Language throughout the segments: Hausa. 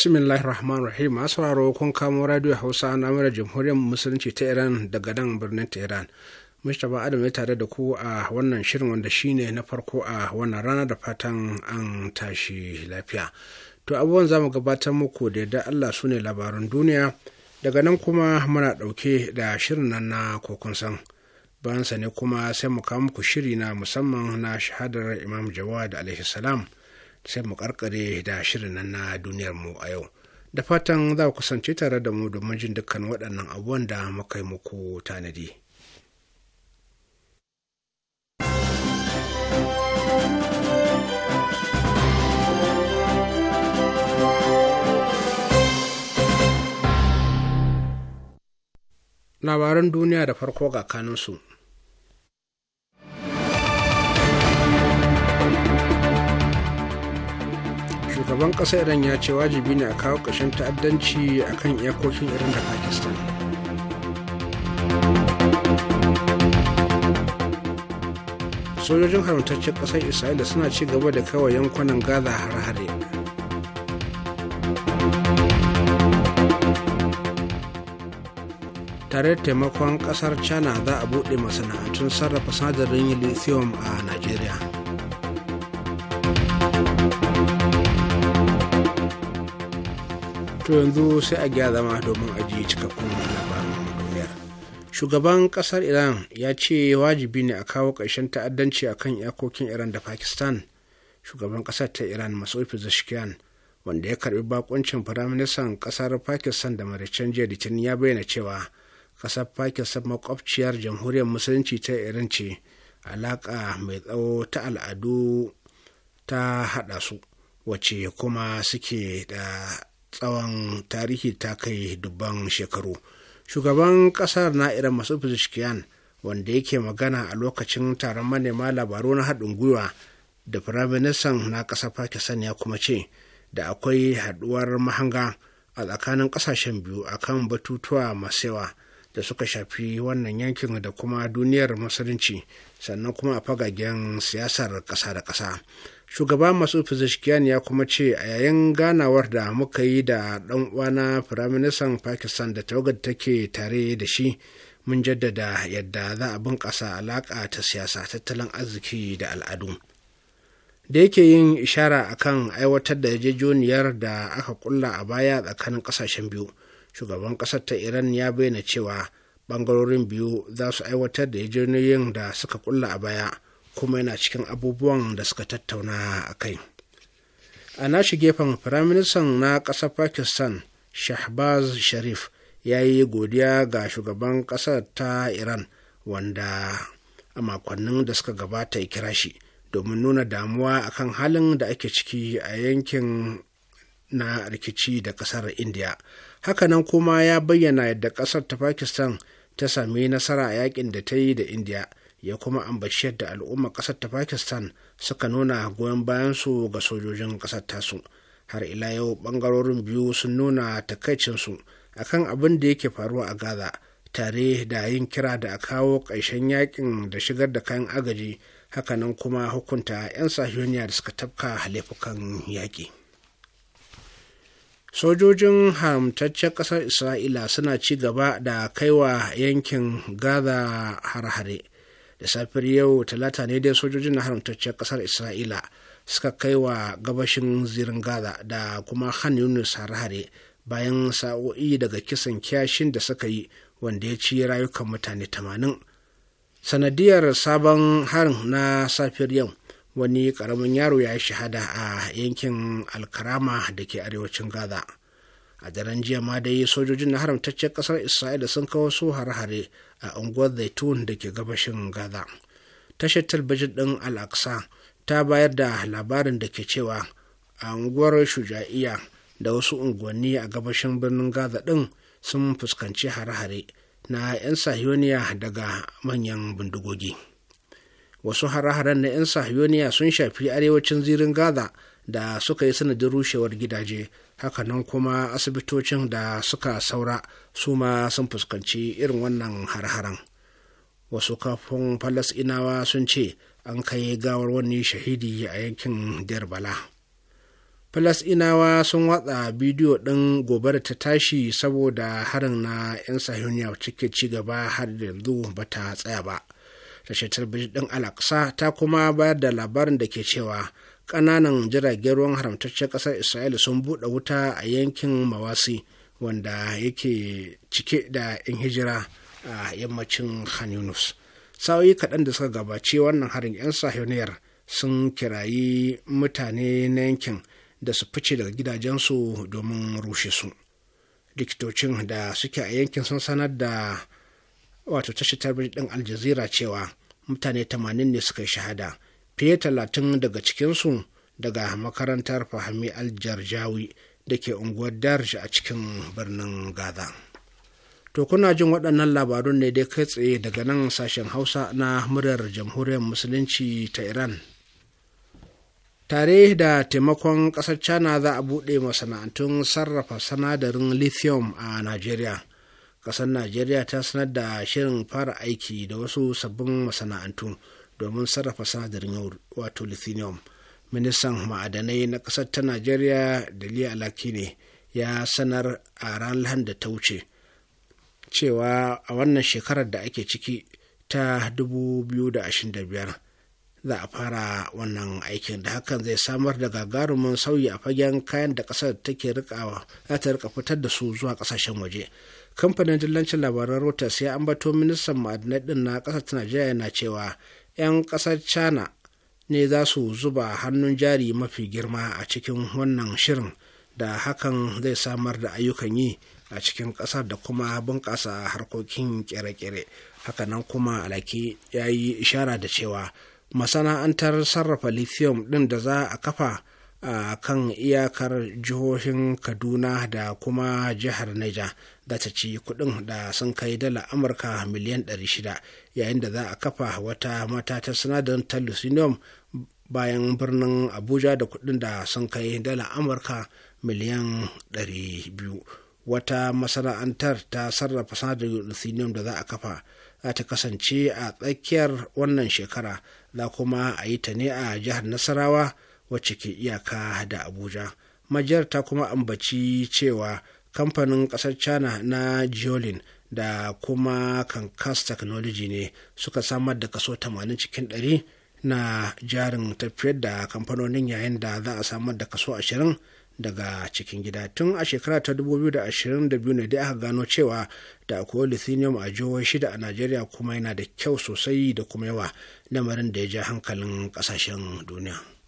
bismillahir rahman rahim sauraro kun kamo radio hausa na mara jamhuriyar musulunci ta iran daga nan birnin tehran mustapha adam ya tare da ku a wannan shirin wanda shine na farko a wannan rana da fatan an tashi lafiya to abubuwan zamu gabatar muku da yadda allah su ne labaran duniya daga nan kuma muna ɗauke da shirin nan na kokon san bayan sa ne kuma sai mu kawo muku shiri na musamman na shahadar imam jawad alaihi salam sai mu karkare da shirin nan na duniyar mu a yau da fatan za ku kasance tare da mu domin jin dukkan waɗannan abubuwan da muka yi muku tanadi. Labaran duniya da farko ga kanunsu. shugaban ƙasa iran ya ce wajibi ne a kawo ƙashin ta'addanci a kan iyakokin iran da pakistan sojojin haramtaccen ƙasar isra'ila suna ci gaba da kawo yankunan gaza har-hare tare da taimakon ƙasar china za a buɗe masana'antun sarrafa sadarin lithium a nigeria to yanzu sai a gyara zama domin ajiye cikakkun labarin duniyar shugaban kasar iran ya ce wajibi ne a kawo ƙarshen ta'addanci a kan iyakokin iran da pakistan shugaban kasar ta iran masu pezeshkian wanda ya karbi bakuncin firaministan kasar pakistan da maricen jiya litinin ya bayyana cewa kasar pakistan makwabciyar jamhuriyar musulunci ta iran ce alaƙa mai tsawo ta al'adu ta haɗa su wacce kuma suke da tsawon tarihi ta kai dubban shekaru shugaban kasar na iran masu pezeshkian wanda yake magana a lokacin taron manema labaru na haɗin gwiwa da firaministan na ƙasar pakistan ya kuma ce da akwai haɗuwar mahanga a tsakanin ƙasashen biyu akan batutuwa masu yawa da suka shafi wannan yankin da kuma duniyar musulunci sannan kuma a fagagen siyasar ƙasa da ƙasa shugaba masu fizishkiyan ya kuma ce a yayin ganawar da muka yi da ɗan uwana firaministan pakistan da tawagar take tare da shi mun jaddada yadda za a bunƙasa alaƙa ta siyasa tattalin arziki da al'adu da yake yin ishara akan aiwatar da yarjejeniyar da aka kulla a baya tsakanin ƙasashen biyu shugaban ƙasar ta iran ya bayyana cewa ɓangarorin biyu za su aiwatar da yarjejeniyoyin da suka kulla a baya kuma yana cikin abubuwan da suka tattauna a kai a nashi gefen firaministan na ƙasar pakistan shahbaz sharif ya yi godiya ga shugaban ƙasar ta iran wanda a makonnin da suka gabata ya kira shi domin nuna damuwa akan halin da ake ciki a yankin na rikici da ƙasar india hakanan kuma ya bayyana yadda ƙasar ta pakistan ta sami nasara a yakin da ta yi da india ya kuma ambaci yadda al'ummar ƙasar ta pakistan suka nuna goyon bayan su ga sojojin ƙasar tasu har ila yau ɓangarorin biyu sun nuna takaicinsu akan abin da yake faruwa a gaza tare da yin kira da a kawo ƙarshen yakin da shigar da kayan agaji hakanan kuma hukunta 'yan sahiyoniya da suka tafka laifukan yaƙi sojojin haramtaccen ƙasar isra'ila suna ci gaba da kaiwa yankin gaza har-hare da safiyar yau talata ne dai sojojin na haramtaccen kasar isra'ila suka kai wa gabashin zirin gaza da kuma han yunus hare-hare bayan sa'o'i daga kisan kyashin da suka yi wanda ya ci rayukan mutane 80 sanadiyar sabon harin na safiyar yau wani karamin yaro ya yi shahada a yankin alkarama da ke arewacin gaza a daren jiya ma dai sojojin na haramtaccen kasar isra'ila sun kawo su hare-hare a unguwar zaitun da ke gabashin gaza tashar talbijin ɗin al-aqsa ta bayar da labarin da ke cewa a unguwar shuja'iya da wasu unguwanni a gabashin birnin gaza ɗin sun fuskanci hare-hare na 'yan sahiyoniya daga manyan bindigogi wasu hare-haren na 'yan sahiyoniya sun shafi arewacin zirin gaza da suka yi sanadin rushewar gidaje hakanan kuma asibitocin da suka saura su ma sun fuskanci irin wannan har-haren wasu kafin falasinawa sun ce an kai gawar wani shahidi a yankin derbala falasinawa sun watsa bidiyo ɗin gobara ta tashi saboda harin na 'yan sahiyoniya cike ci gaba har yanzu ba ta tsaya ba tashar talbijin ɗin alaksa ta kuma bayar da labarin da ke cewa Kananan jiragen ruwan haramtaccen ƙasar isra'ila sun buɗe wuta a yankin mawasi wanda yake cike da 'yan hijira a yammacin khan yunus sa'o'i kaɗan da suka gabace wannan harin 'yan sahiyoniyar sun kirayi mutane na yankin da su fice daga gidajensu domin rushe su likitocin da suke a yankin sun sanar da wato tashar talabijin ɗin aljazira cewa mutane 80 ne suka yi shahada fiye talatin daga cikinsu daga makarantar fahmi aljarjawi da ke unguwar darj a cikin birnin gaza to kuna jin waɗannan labarun ne dai kai tsaye daga nan sashen hausa na muryar jamhuriyar musulunci ta iran tare da taimakon ƙasar china za a buɗe masana'antun sarrafa sanadarin lithium a najeriya ƙasar najeriya ta sanar da shirin fara aiki da wasu sabbin masana'antu domin sarrafa yau wato lithium ministan ma'adanai na ƙasar ta najeriya daliya alaki ne ya sanar a ranar da ta wuce cewa a wannan shekarar da ake ciki ta 2025 za a fara wannan aikin da hakan zai samar da gagarumin sauyi a fagen kayan da ƙasar ta ke rika fitar da su zuwa ƙasashen waje kamfanin dillancin labaran reuters ya ambato ministan ma'adanai din na ƙasar ta najeriya na cewa 'yan ƙasar china ne za su zuba hannun jari mafi girma a cikin wannan shirin da hakan zai samar da ayyukan yi a cikin ƙasar da kuma bunƙasa harkokin kere-kere hakanan kuma alaki ya yi ishara da cewa masana'antar sarrafa lithium ɗin da za a kafa a kan iyakar jihohin kaduna da kuma jihar niger za ta ci kudin da sun kai dala amurka miliyan 600 yayin da za a kafa wata mata ta sinadarin talusinium bayan birnin abuja da kudin da sun kai dala amurka miliyan 200 wata masana'antar ta sarrafa sanadin lithium da za a kafa za ta kasance a tsakiyar wannan shekara za kuma a yi ta ne a jihar nasarawa wacce ke iyaka da abuja majiyar ta kuma ambaci cewa kamfanin kasar china na jiolin da kuma kankas technology ne suka samar da kaso 80 cikin 100 na jarin tafiyar da kamfanonin yayin da za a samar da kaso 20 daga cikin gida tun a shekara ta 2022 ne dai aka gano cewa da akwai lithium a jihohi shida a najeriya kuma yana da kyau sosai da kuma yawa lamarin da ya ja hankalin kasashen duniya.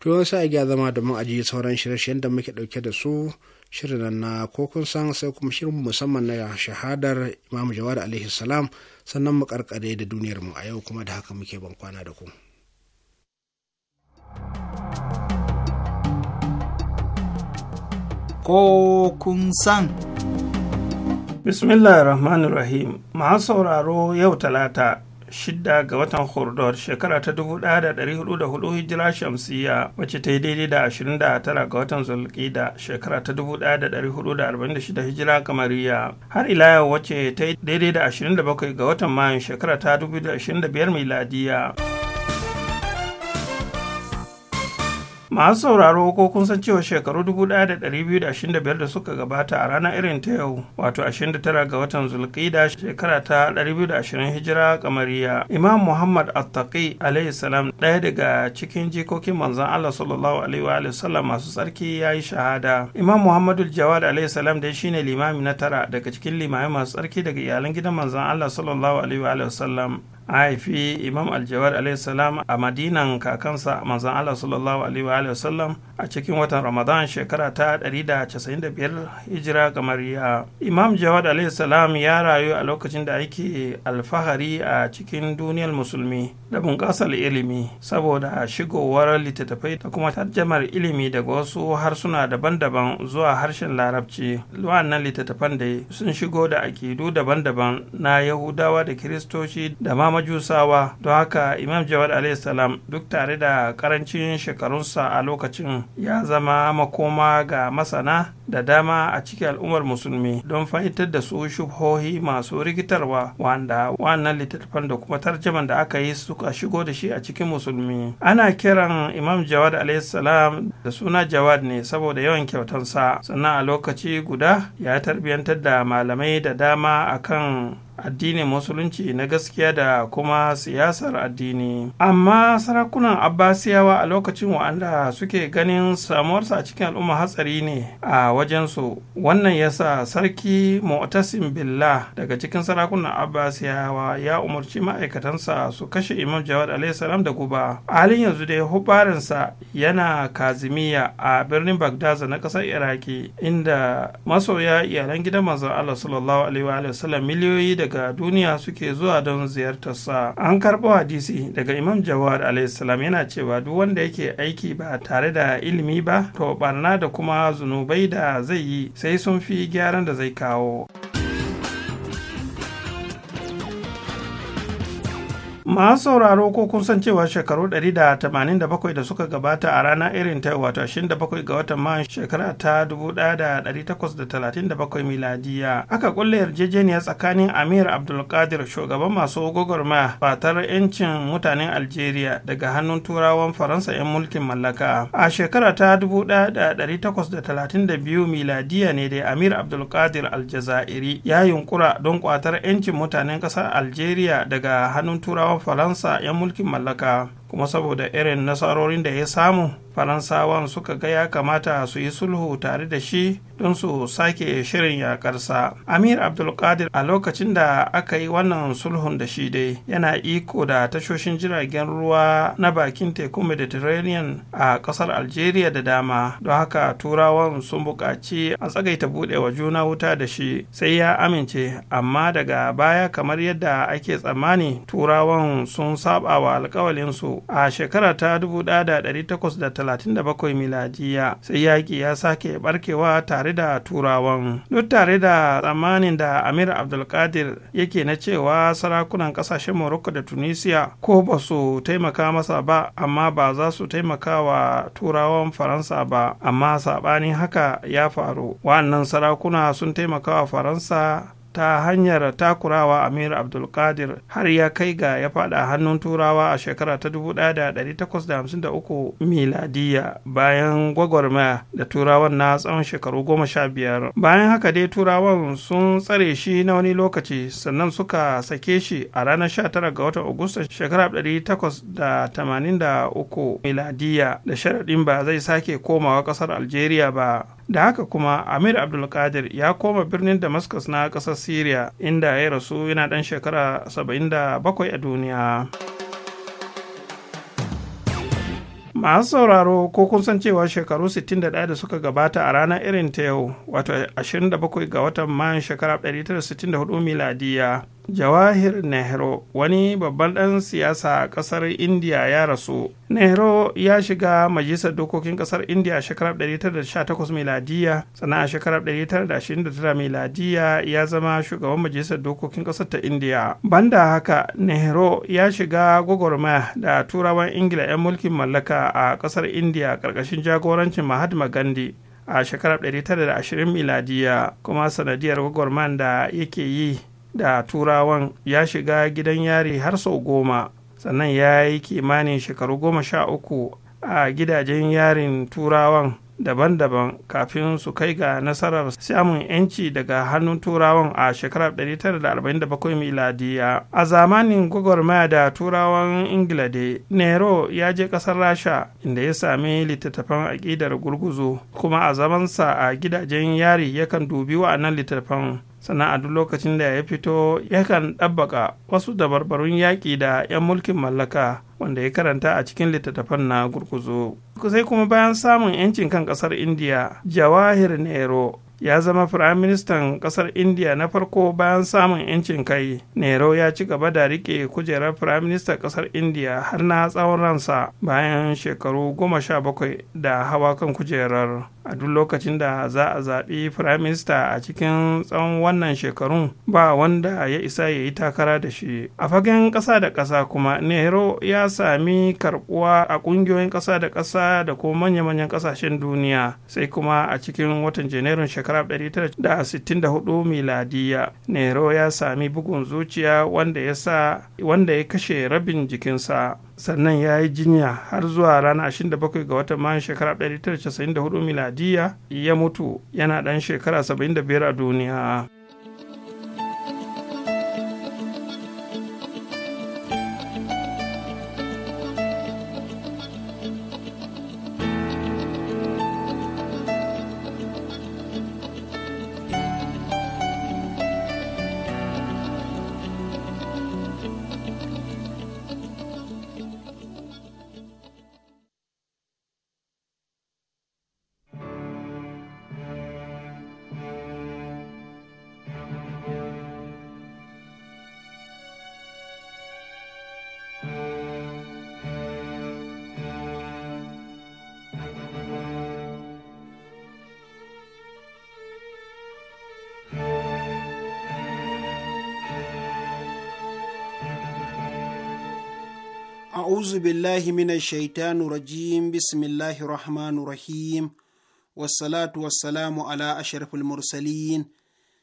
to sa a zama da mu aji sauran shirye-shiryen da muke dauke da su shirin na ko kun san sai kuma shirin musamman na shahadar Imam jawar alaihi salam sannan mu karkare da duniyar mu a yau kuma da haka muke ban kwana da ku ko kun san Bismillahir Rahmanir Rahim. Ma'a sauraro yau talata shida ga watan hurdor shekara ta dubu da da hudu hijira shamsiyya wacce ta yi daidai da ashirin da tara ga watan zulkida shekara ta dubu da da da arba'in shida hijira kamariya har ila yau wacce ta yi daidai da ashirin da bakwai ga watan Mayan shekara ta dubu ashirin da biyar miladiya. masu sauraro ko kun san cewa shekaru 1225 da suka gabata a ranar irin ta yau wato 29 ga watan zulqida shekara ta 220 hijira kamariya imam muhammad attaqi alaihi salam ɗaya daga cikin jikokin manzan allah sallallahu alaihi wa sallam masu tsarki ya yi shahada imam muhammadu jawad alaihi salam dai shine limami na tara daga cikin limami masu tsarki daga iyalan gidan manzan allah sallallahu alaihi wa sallam a haifi imam aljawar salam a madinan kakansa manzan allah sallallahu alaihi wasallam a cikin watan ramadan shekara ta 195 hijira Mariya. imam jawad salam ya rayu a lokacin da ake alfahari a cikin duniyar musulmi da bunƙasar ilimi saboda shigowar littattafai da kuma tarjamar ilimi daga wasu harsuna daban-daban zuwa harshen larabci wannan littattafan da sun shigo da akidu daban-daban na yahudawa da kiristoci da ma majusawa don haka imam jawad salam duk tare da karancin shekarunsa a lokacin ya zama makoma ga masana da dama a cikin al'ummar musulmi don fahimtar da su shubhohi masu rikitarwa wanda wannan littattafan da kuma tarjaman da aka yi suka shigo da shi a cikin musulmi ana kiran imam jawad salam da suna jawad ne saboda yawan kyautansa sannan a lokaci guda ya tarbiyantar da malamai da dama akan addinin musulunci na gaskiya da kuma siyasar addini amma sarakunan abbasiyawa a lokacin wa'anda suke ganin samuwarsa a cikin al'umma hatsari ne a wajen su, wannan yasa sarki mu'tasim billah daga cikin sarakunan abbasiyawa ya umarci ma'aikatansa su kashe imam jawad alaihissalam da guba a halin yanzu dai hubarinsa yana kazimiya a birnin bagdaza na ƙasar iraki inda masoya iyalan gidan manzon allah sallallahu alaihi wa sallam miliyoyi da daga duniya suke zuwa don ziyartarsa an karɓo hadisi daga imam jawad alaihissalam yana cewa duk wanda yake aiki ba tare da ilimi ba to barna da kuma zunubai da zai yi sai sun fi gyaran da zai kawo. masu sauraro ko kun san cewa shekaru 187 da suka gabata a rana irin ta wato 27 ga watan man shekara ta 1837 miladiya aka kulle yarjejeniya tsakanin amir abdulkadir shugaban masu gwagwarmaya fatar 'yancin mutanen algeria daga hannun turawan faransa 'yan mulkin mallaka a shekara ta 1832 miladiya ne da amir abdulkadir aljazairi ya yunkura don kwatar 'yancin mutanen ƙasar algeria daga hannun turawan faransa 'yan mulkin mallaka kuma saboda irin nasarorin da ya samu faransawan suka ga ya kamata su yi sulhu tare da shi don su sake shirin yakarsa amir abdulkadir a lokacin da aka yi wannan sulhun da shi dai yana iko da tashoshin jiragen ruwa na bakin tekun mediterranean a kasar algeria da dama don haka turawan sun buƙaci a tsagaita buɗewa juna wuta da shi sai ya amince amma daga baya kamar yadda ake tsammani turawan sun saba wa alkawalinsu a shekara ta 1837 miladiya sai yaƙi ya sake barkewa tare da Turawan. Duk tare da tsammanin da Amir Abdulkadir yake na cewa sarakunan ƙasashen Morocco da Tunisia ko ba su taimaka masa ba amma ba za su taimaka wa Turawan Faransa ba amma saɓanin haka ya faru. Wa'annan sarakuna sun taimaka wa Faransa ta hanyar takurawa amir abdulkadir har ya kai ga ya fada hannun turawa a shekara ta 1853 miladiya bayan gwagwarmaya da turawan na tsawon shekaru goma sha biyar bayan haka dai turawan sun tsare shi na wani lokaci sannan suka sake shi a ranar 19 ga watan agusta shekara 1883 miladiya da sharaɗin ba zai sake komawa ƙasar algeria ba da haka kuma amir abdulkadir ya koma birnin damascus na ƙasar syria inda ya rasu yana ɗan shekara 77 a duniya masu sauraro ko kun san cewa shekaru 61 da suka gabata a ranar irin ta yau wato 27 ga watan mayan shekara 1964 miladiya jawahir nehru wani babban ɗan siyasa a ƙasar india ya rasu nehru ya shiga majalisar dokokin ƙasar india a shekarar 1918 miladiya sannan a shekarar 1929 miladiya ya zama shugaban majalisar dokokin ƙasar ta indiya banda haka nehru ya shiga gwagwarmaya da turawan ingila 'yan mulkin mallaka a ƙasar indiya ƙarƙashin jagorancin mahatma gandhi a shekarar 1920 miladiya kuma sanadiyar gwagwarman da yake yi da turawan ya shiga gidan yari har sau goma sannan ya yi kimanin shekaru goma sha uku a gidajen yarin turawan daban-daban kafin su kai ga nasarar samun yanci daga hannun turawan a shekarar 1947 miladiya a zamanin gwagwarmaya da turawan ingila nero ya je kasar rasha inda ya sami littattafan aƙidar gurguzu kuma a zamansa a gidajen yari yakan dubi wa'annan littattafan sannan a duk lokacin da ya fito yakan ɗabbaka wasu dabarbarun yaƙi da 'yan mulkin mallaka wanda ya karanta a cikin littattafan na gurguzu sai kuma bayan samun 'yancin kan kasar India jawahir nero ya zama firaministan kasar India na farko bayan samun 'yancin kai nero ya ci gaba da riƙe kujerar firaministan kasar India har na tsawon ransa bayan shekaru goma sha bakwai da hawa kan kujerar a duk lokacin da za a zaɓi firayim minista a cikin tsawon wannan shekarun ba wanda ya isa ya yi takara da shi a fagen ƙasa da ƙasa kuma nero ya sami karɓuwa a ƙungiyoyin ƙasa da ƙasa da kuma manya-manyan ƙasashen duniya sai kuma a cikin watan janairun shekara 1964 miladiya nero ya sami bugun zuciya wanda ya kashe rabin jikinsa sannan ya yi jinya har zuwa ranar 27 ga watan mayan shekara 1994 miladiya ya mutu yana ɗan shekara 75 a duniya a'uzu billahi mina shaitanu rajim bismillahi rahmanu rahim wassalatu wassalamu ala asharfil mursalin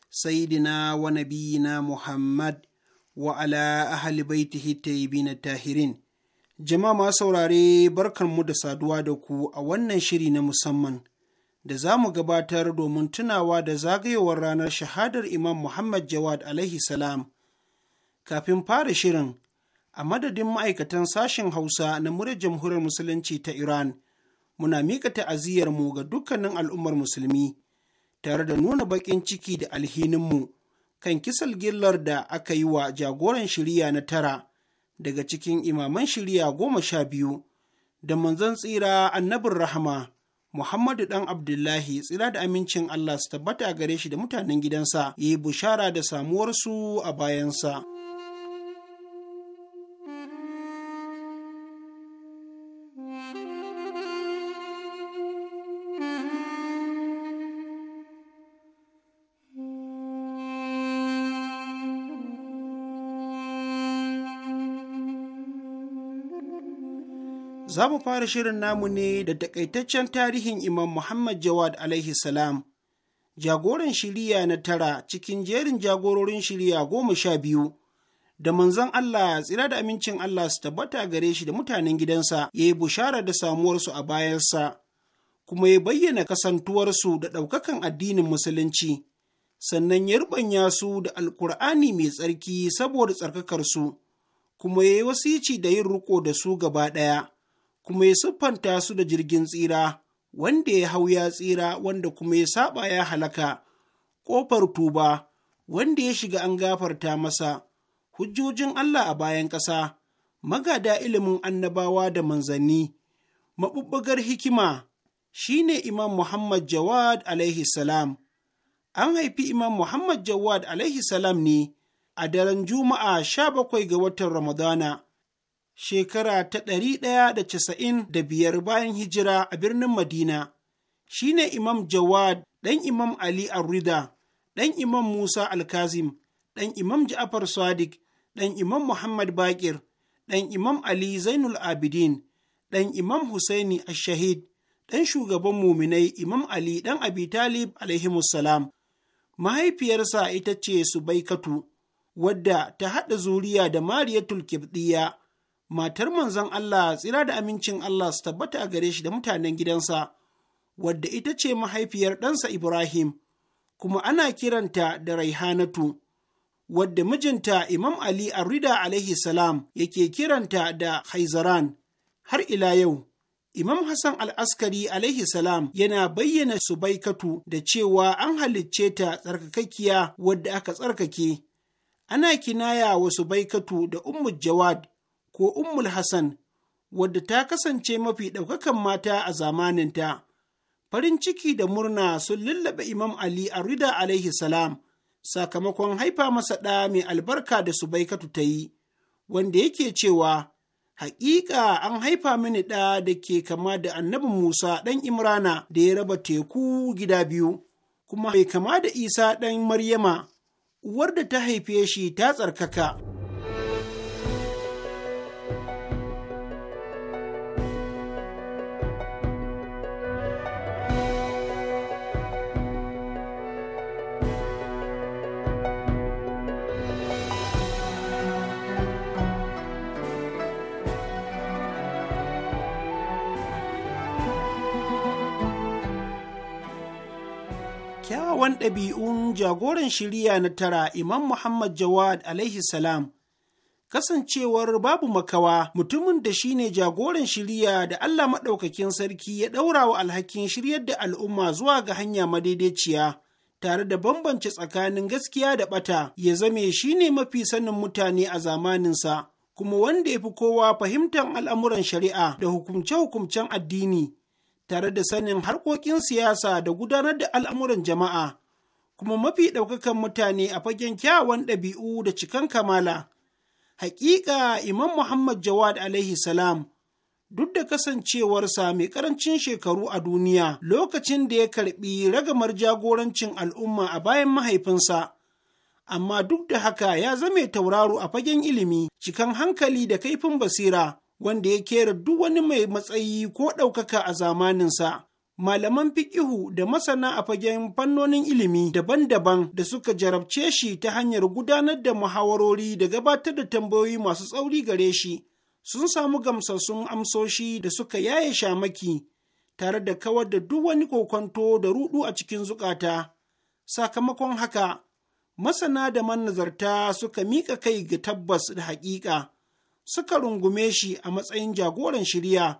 sayidina wa nabiyina muhammad wa ala ahli baitihi na tahirin jama'a ma saurare "Barkar mu da saduwa da ku a wannan shiri na musamman da za mu gabatar domin tunawa da zagayowar ranar shahadar imam muhammad jawad alaihi salam kafin fara shirin a madadin ma'aikatan sashen Hausa na murar jamhuriyar Musulunci ta Iran, muna miƙa mu ga dukkanin al'ummar musulmi, tare da nuna baƙin ciki da alhininmu kan kisal gillar da aka yi wa jagoran shirya na tara daga cikin imaman shirya goma sha biyu da manzan tsira annabin rahama Muhammadu ɗan Abdullahi tsira da amincin Allah su tabbata gare shi da mutanen gidansa, ya yi bushara da samuwarsu a bayansa. za mu fara shirin namu ne da takaitaccen tarihin Imam Muhammad Jawad alaihi salam, jagoran shiriya na tara cikin jerin jagororin shiriya goma sha biyu, da manzon Allah tsira da amincin Allah su tabbata gare shi da mutanen gidansa ya yi bushara da samuwarsu a bayansa, kuma ya bayyana kasantuwarsu da ɗaukakan addinin Musulunci, sannan ya rubanya su da Alkur'ani mai tsarki saboda tsarkakarsu, kuma ya yi wasici da yin riko da su gaba ɗaya. kuma ya siffanta su da jirgin tsira wanda ya hau ya tsira wanda kuma ya saba ya halaka ƙofar tuba wanda ya shiga an gafarta masa hujjojin Allah a bayan ƙasa magada ilimin annabawa da manzanni maɓuɓɓugar hikima shine Imam Muhammad Jawad alaihi salam an haifi Imam Muhammad Jawad alaihi salam ne a daren Juma'a sha ga watan Ramadana shekara ta ɗari ɗaya da casa'in da biyar bayan hijira a birnin Madina, shi ne Imam Jawad ɗan Imam Ali Arrida, ɗan Imam Musa Alkazim, ɗan Imam Ja'afar Sadiq, ɗan Imam Muhammad Bakir, ɗan Imam Ali Zainul Abidin, ɗan Imam Husaini Ashahid, ɗan shugaban muminai Imam Ali ɗan Abi Talib Mahaifiyarsa ita ce Subaikatu, wadda ta haɗa zuriya da Mariyatul Kibdiya. matar manzon Allah tsira da amincin Allah su tabbata a gare shi da mutanen gidansa, wadda ita ce mahaifiyar ɗansa Ibrahim, kuma ana kiranta da Raihanatu, wadda mijinta Imam Ali al-Rida alaihi salam yake kiranta da Haizaran. Har ila yau, Imam Hassan al'askari alaihi salam yana bayyana subaikatu da cewa an halicce ta tsarkakakkiya wadda aka tsarkake. Ana kinaya wa subaikatu da Ummu Jawad ko Ummul Hassan, wadda ta kasance mafi ɗaukakan mata a zamaninta. Farin ciki da murna sun lullaɓe Imam Ali a rida alaihi salam, sakamakon haifa masa ɗa mai albarka da su baikatu ta yi, wanda yake cewa, Haƙiƙa an haifa mini ɗa da ke kama da annabi Musa ɗan Imrana da ya raba teku gida biyu, kuma bai kama da Isa ɗan Maryama, uwar da ta haife shi ta tsarkaka. kyawawan ɗabi'un jagoran shiriya na tara Imam Muhammad Jawad alaihi salam kasancewar babu makawa mutumin da shine jagoran shiriya da Allah maɗaukakin sarki ya ɗaura wa alhakin shiryar da al'umma zuwa ga hanya madaidaiciya tare da bambance tsakanin gaskiya da ɓata ya zame shine mafi sanin mutane a zamaninsa kuma wanda ya fi kowa fahimtar al'amuran shari'a da hukumce-hukumcen addini tare da sanin harkokin siyasa da gudanar da al'amuran jama'a, kuma mafi ɗaukakan mutane a fagen kyawawan ɗabi'u da cikan kamala. Hakika Imam Muhammad Jawad alaihi salam duk da kasancewarsa mai ƙarancin shekaru a duniya lokacin da ya karɓi ragamar jagorancin al'umma a bayan mahaifinsa. Amma duk da haka ya zame tauraro a fagen ilimi, cikan hankali da kaifin basira. wanda ya kera duk wani mai matsayi ko ɗaukaka a zamaninsa. Malaman fiƙihu da masana a fagen fannonin ilimi daban-daban da suka jarabce shi ta hanyar gudanar da muhawarori da gabatar da tambayoyi masu tsauri gare shi, sun samu gamsassun amsoshi da suka yaye shamaki, tare da kawar da duk wani kokonto da ruɗu a cikin zukata. Sakamakon haka, masana da manazarta suka miƙa kai ga tabbas da haƙiƙa. suka rungume shi a matsayin jagoran shirya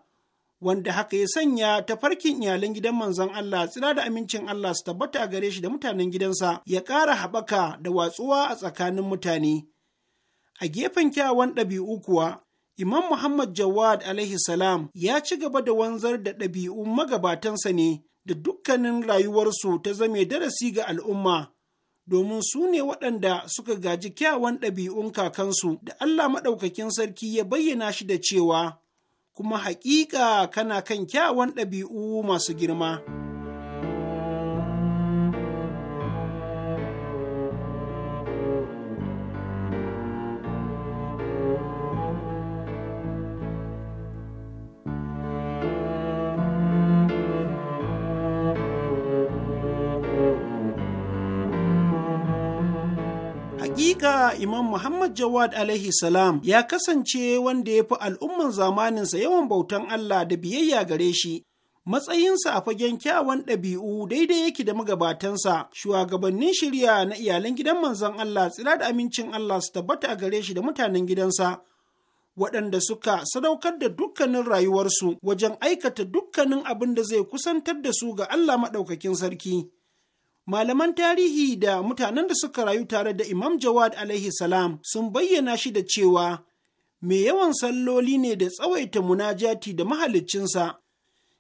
wanda haka ya sanya tafarkin iyalan gidan manzon Allah tsira da amincin Allah su tabbata gare shi da mutanen gidansa ya ƙara haɓaka da watsuwa a tsakanin mutane. A gefen kyawan ɗabi'u kuwa, Imam Muhammad Jawad alaihi salam ya ci gaba da wanzar da ɗabi'un magabatansa ne da dukkanin rayuwarsu ta zame darasi ga al'umma domin su ne waɗanda suka gaji kyawan ɗabi'un kakansu da Allah maɗaukakin sarki ya bayyana shi da cewa, kuma haƙiƙa kana kan kyawan ɗabi'u masu girma. ga Imam Muhammad Jawad alaihi salam ya kasance wanda ya fi al'umman zamaninsa yawan bautan Allah da biyayya gare shi. Matsayinsa a fagen kyawan ɗabi'u daidai yake da magabatansa, shugabannin shirya na iyalan gidan manzon Allah tsira da amincin Allah su tabbata a gare shi da mutanen gidansa. waɗanda suka sadaukar da dukkanin rayuwarsu wajen aikata dukkanin abin da zai kusantar da su ga Allah maɗaukakin sarki. Malaman tarihi da mutanen da suka rayu tare da Imam Jawad alaihi salam sun bayyana shi da cewa mai yawan salloli ne da tsawaita munajati da mahaliccinsa.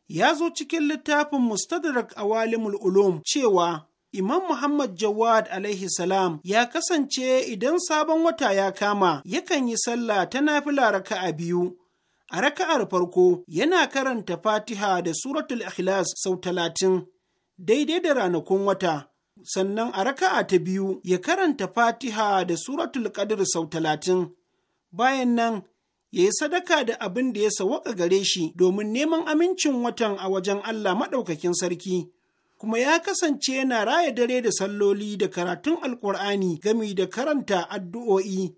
Ya zo cikin littafin Mustadrak Awalimul Ulum cewa Imam Muhammad Jawad alaihi salam ya kasance idan sabon wata ya kama yakan yi sallah ta nafila raka'a biyu. A raka'ar farko yana karanta Fatiha da Suratul Ikhlas sau talatin. daidai da ranakun wata sannan a raka'a ta biyu ya karanta fatiha da suratul qadr sau talatin bayan nan ya yi sadaka da abin da ya sawaka gare shi domin neman amincin watan a wajen Allah maɗaukakin sarki kuma ya kasance yana raya dare da salloli da karatun alkur'ani gami da karanta addu'o'i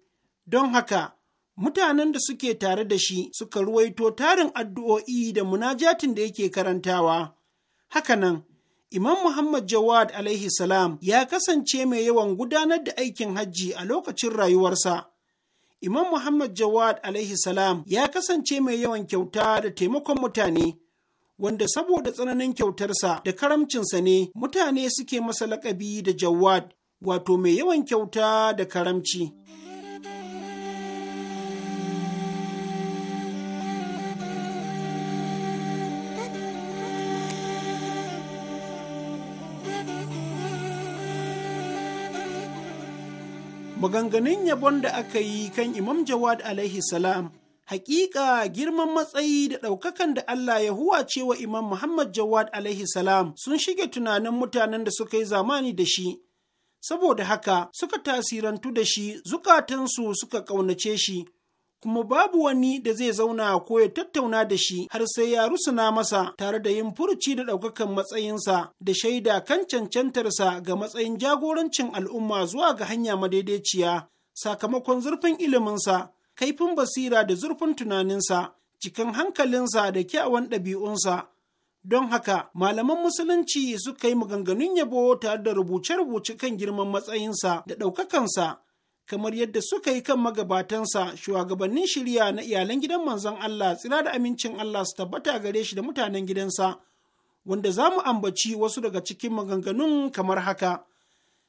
don haka mutanen da suke tare da shi suka ruwaito tarin addu'o'i da munajatin da yake karantawa hakanan Imam Muhammad Jawad alaihi salam ya kasance mai yawan gudanar da aikin hajji a lokacin rayuwarsa. Imam Muhammad Jawad alaihi salam ya kasance mai yawan kyauta da taimakon mutane, wanda saboda tsananin kyautarsa da karamcinsa ne mutane suke masa laƙabi da Jawad, wato mai yawan kyauta da karamci. maganganun yabon da aka yi kan imam jawad alaihi salam hakika girman matsayi da ɗaukakan da Allah ya huwace wa Imam Muhammad Jawad alaihi salam sun shige tunanin mutanen da suka yi zamani da shi. Saboda haka suka tasirantu da shi zukatansu suka ƙaunace shi kuma babu wani da zai zauna ko ya tattauna da shi har sai ya rusuna masa tare da yin furuci da ɗaukakan matsayinsa da shaida kan cancantarsa ga matsayin jagorancin al'umma zuwa ga hanya madaidaiciya sakamakon zurfin iliminsa kaifin basira da zurfin tunaninsa cikin hankalinsa da kyawun ɗabi'unsa don haka malaman musulunci suka yi maganganun yabo tare da rubuce-rubuce kan girman matsayinsa da ɗaukakansa kamar yadda suka yi kan magabatansa shugabannin shirya na iyalan gidan manzon Allah tsira da amincin Allah su tabbata gare shi da mutanen gidansa wanda za mu ambaci wasu daga cikin maganganun kamar haka.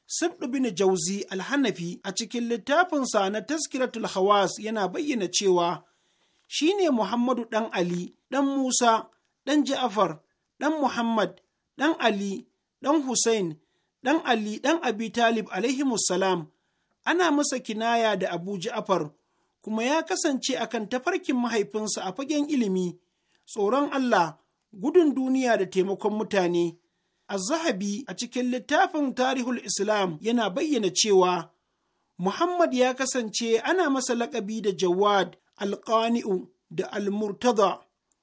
Sibdu bin Jauzi Alhanafi a cikin littafinsa na Taskiratul Hawas yana bayyana cewa shine Muhammadu ɗan Ali, ɗan Musa, ɗan Jafar, ɗan Muhammad, ɗan Ali, ɗan Hussein, ɗan Ali, ɗan Abi Talib alaihimus salam ana masa kinaya da Abu Ja'far kuma ya kasance a kan tafarkin mahaifinsa a fagen ilimi, tsoron Allah, gudun duniya da taimakon mutane. Az-Zahabi a cikin littafin Tarihul Islam yana bayyana cewa Muhammad ya kasance ana masa lakabi da Jawad Alƙani'u da Almurtaza,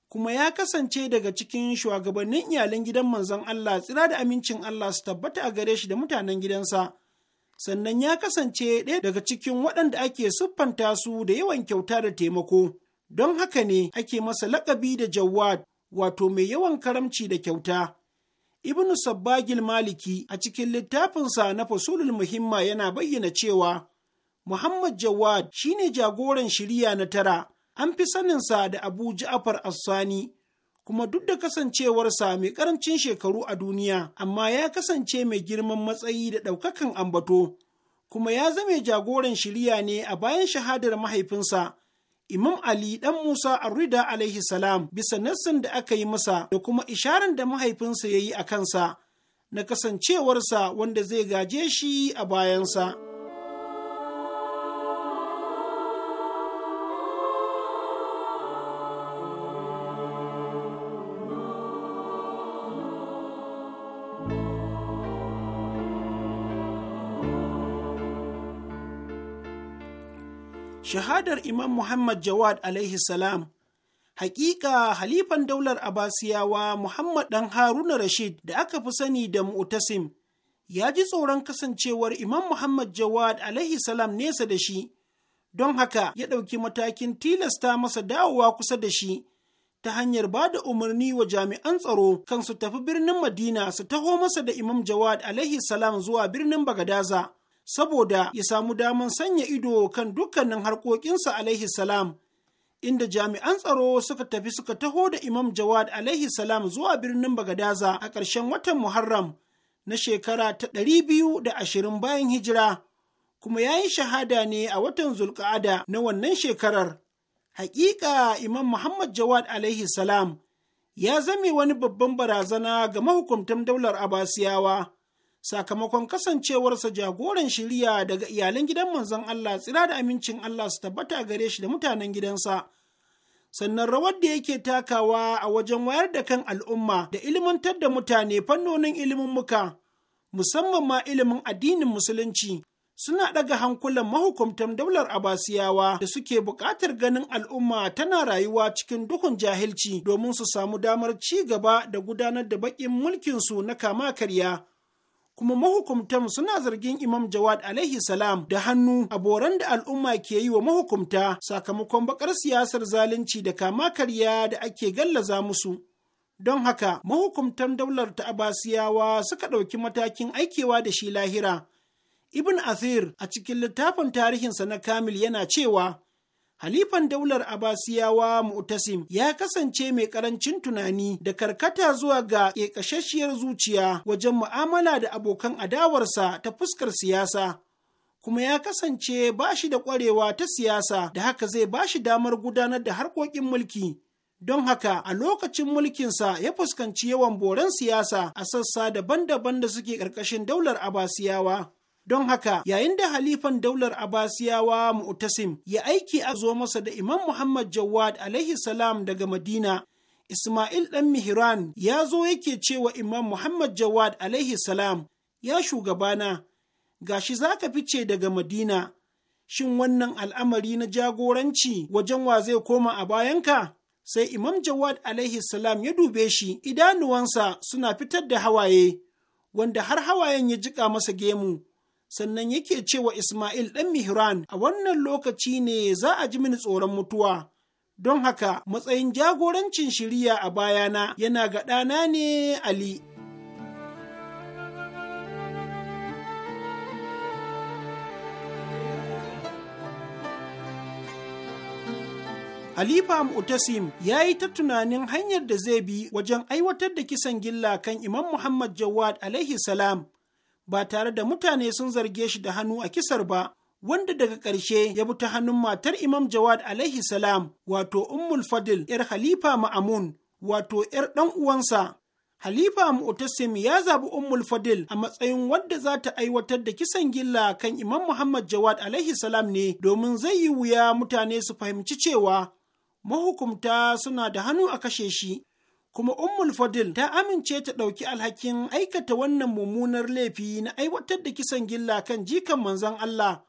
kuma ya kasance daga cikin shugabannin iyalan gidan manzon Allah tsira da amincin Allah su tabbata a gare shi da mutanen gidansa. sannan ya kasance ɗaya daga cikin waɗanda ake siffanta su da yawan kyauta da taimako. Don haka ne ake masa laƙabi da Jawad, wato mai yawan karamci da kyauta. Ibn Sabbagil Maliki a cikin littafinsa na Fasulul Muhimma yana bayyana cewa Muhammad Jawad shine jagoran shirya na tara, an fi saninsa da Abu Ja'far Sani. kuma duk da kasancewarsa mai ƙarancin shekaru a duniya amma ya kasance mai girman matsayi da ɗaukakan ambato kuma ya zame jagoran shirya ne a bayan shahadar mahaifinsa Imam Ali ɗan Musa Arrida alaihi salam bisa nassin da aka yi masa da kuma isharar da mahaifinsa ya yi a kansa na kasancewarsa wanda zai gaje shi a bayansa. shahadar Imam Muhammad Jawad alaihi salam Hakika halifan daular Abasiyawa Muhammad dan Haruna Rashid da aka fi sani da Mu'tasim ya ji tsoron kasancewar Imam Muhammad Jawad alaihi salam nesa da shi, don haka ya ɗauki matakin tilasta masa dawowa kusa da shi ta hanyar ba da umarni wa jami'an tsaro kan su tafi birnin Madina su taho masa da Imam Jawad alaihi salam zuwa birnin Bagadaza. saboda ya samu daman sanya ido kan dukkanin harkokinsa alaihi salam inda jami'an tsaro suka tafi suka taho da imam jawad alaihi salam zuwa birnin bagadaza a ƙarshen watan muharram na shekara ta ɗari biyu da ashirin bayan hijira kuma ya yi shahada ne a watan zulka'ada na wannan shekarar hakika imam muhammad jawad alaihi salam ya zame wani babban barazana ga mahukuntan daular abasiyawa sakamakon kasancewarsa jagoran shiriya daga iyalan gidan manzon Allah tsira da amincin Allah su tabbata gare shi da mutanen gidansa. Sannan rawar da yake takawa a wajen wayar da kan al'umma da ilimantar da mutane fannonin ilimin muka, musamman ma ilimin addinin musulunci, suna ɗaga hankulan mahukumtan daular Abasiyawa da suke buƙatar ganin al'umma tana rayuwa cikin duhun jahilci domin su samu damar ci gaba da gudanar da baƙin mulkinsu na kama karya. kuma mahukumtan suna zargin Imam Jawad alaihi salam da hannu a boran da al'umma ke yi wa mahukumta sakamakon bakar siyasar zalunci da kama karya da ake gallaza musu. Don haka mahukumtan daular ta Abasiyawa suka ɗauki matakin aikewa da shi lahira. Ibn Athir a cikin littafin tarihinsa na Kamil yana cewa Halifan daular Abasiyawa Mu'tasim ya kasance mai karancin tunani da karkata zuwa ga ƙeƙashashiyar zuciya wajen mu'amala da abokan adawarsa ta fuskar siyasa. Kuma ya kasance ba shi da ƙwarewa ta siyasa da haka zai ba shi damar gudanar da harkokin mulki. Don haka a lokacin mulkinsa ya fuskanci yawan boran siyasa a sassa daban-daban da suke ƙarƙashin daular Abasiyawa. Don haka, yayin da halifan daular abasiyawa Mu'tasim ya aiki a zo masa da Imam Muhammad Jawad alaihi salam daga Madina, Ismail ɗan Mihran ya zo yake cewa Imam Muhammad Jawad alaihi salam, ya shugabana, gashi za ka fice daga Madina, shin wannan al'amari na jagoranci wajen wa zai koma a bayanka? Sai Imam Jawad alaihi salam ya dube shi, idanuwansa suna fitar da hawaye, wanda har hawayen ya jiƙa masa gemu, sannan yake cewa Ismail ɗan Mihran a wannan lokaci ne za a ji mini tsoron mutuwa. Don haka matsayin jagorancin shirya a bayana yana ga ɗana ne Ali. Halifa Mutasim ya yi ta tunanin hanyar da zai bi wajen aiwatar da kisan gilla kan Imam Muhammad Jawad alaihi salam ba tare da mutane sun zarge shi da hannu a kisar ba wanda daga ƙarshe ya bi ta hannun matar Imam Jawad alaihi salam wato Ummul Fadil ‘yar Halifa Ma'amun wato ‘yar ɗan uwansa. Halifa Mu'tasim ya zaɓi Ummul Fadil a matsayin wadda za ta aiwatar da kisan gilla kan Imam Muhammad Jawad alaihi salam ne domin zai yi wuya mutane su fahimci cewa mahukumta suna da hannu a kashe shi. kuma Ummul Fadil ta amince ta ɗauki alhakin aikata wannan mummunar laifi na aiwatar da kisan gilla kan jikan manzon Allah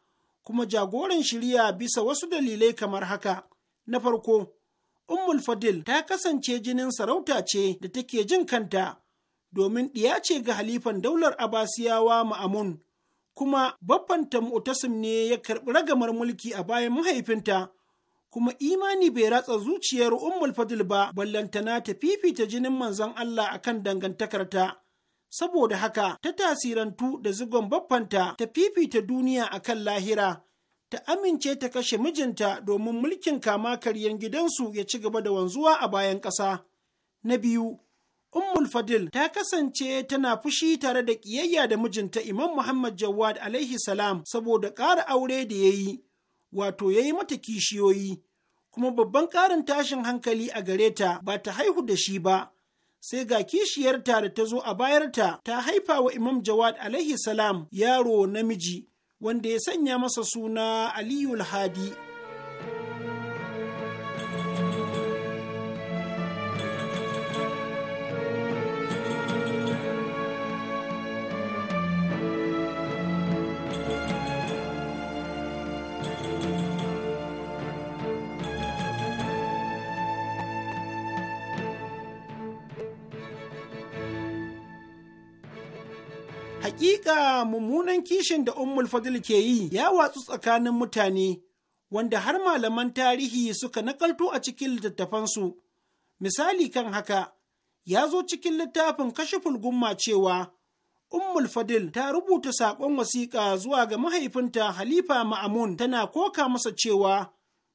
kuma jagoran shirya bisa wasu dalilai kamar haka. Na farko, Ummul Fadil ta kasance jinin sarauta ce da take jin kanta domin ɗiya ce ga halifan daular Abasiyawa Ma'amun, kuma baffanta Mu'tasim ne ya karɓi ragamar mulki a bayan mahaifinta. kuma imani bai ratsa zuciyar ummul fadil ba ballantana ta fifita jinin manzon Allah a kan dangantakarta saboda haka ta tasirantu da zigon baffanta ta fifita duniya akan lahira ta amince ta kashe mijinta domin mulkin kama karyan gidansu ya ci gaba da wanzuwa a bayan ƙasa na biyu Ummul Fadil ta kasance tana fushi tare da ƙiyayya da mijinta Imam Muhammad Jawad alaihi salam saboda ƙara aure da ya yi. wato ya yi mata kishiyoyi, kuma babban ƙarin tashin hankali a gare ta ba ta haihu da shi ba, sai ga kishiyarta da ta zo a bayarta ta haifa wa Imam Jawad alaihi salam yaro namiji, wanda ya sanya masa suna Aliyu Hadi. haƙiƙa mummunan kishin da Ummul Fadil ke yi ya watsu tsakanin mutane wanda har malaman tarihi suka nakalto a cikin littattafansu. Misali kan haka, ya zo cikin littafin kashiful gumma cewa Ummul Fadil ta rubuta saƙon wasiƙa zuwa ga mahaifinta Halifa Ma'amun tana koka masa cewa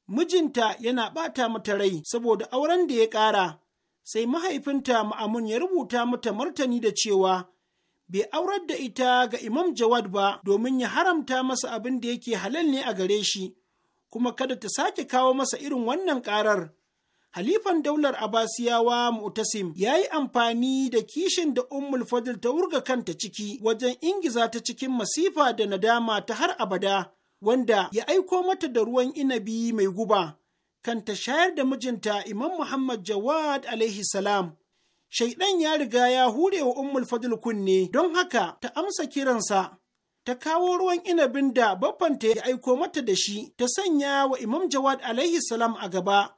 mijinta yana ɓata mata rai saboda auren da ya ƙara. Sai mahaifinta Ma'amun ya rubuta mata martani da cewa bai aurar da ita ga Imam Jawad ba domin ya haramta masa abin da yake halal ne a gare shi, kuma kada ta sake kawo masa irin wannan ƙarar. Halifan daular Abasiyawa Mu'tasim ya yi amfani da kishin da Ummul Fadl ta wurga kanta ciki wajen ingiza ta cikin masifa da nadama ta har abada, wanda ya aiko mata da ruwan inabi mai guba, kanta shayar da mijinta Imam Muhammad Jawad alaihi salam. Shaiɗan ya riga ya hure wa Ummul Fadl kunne, don haka ta amsa kiransa ta kawo ruwan inabin da babbanta ya aiko mata da shi ta sanya wa Imam Jawad alaihi salam a gaba.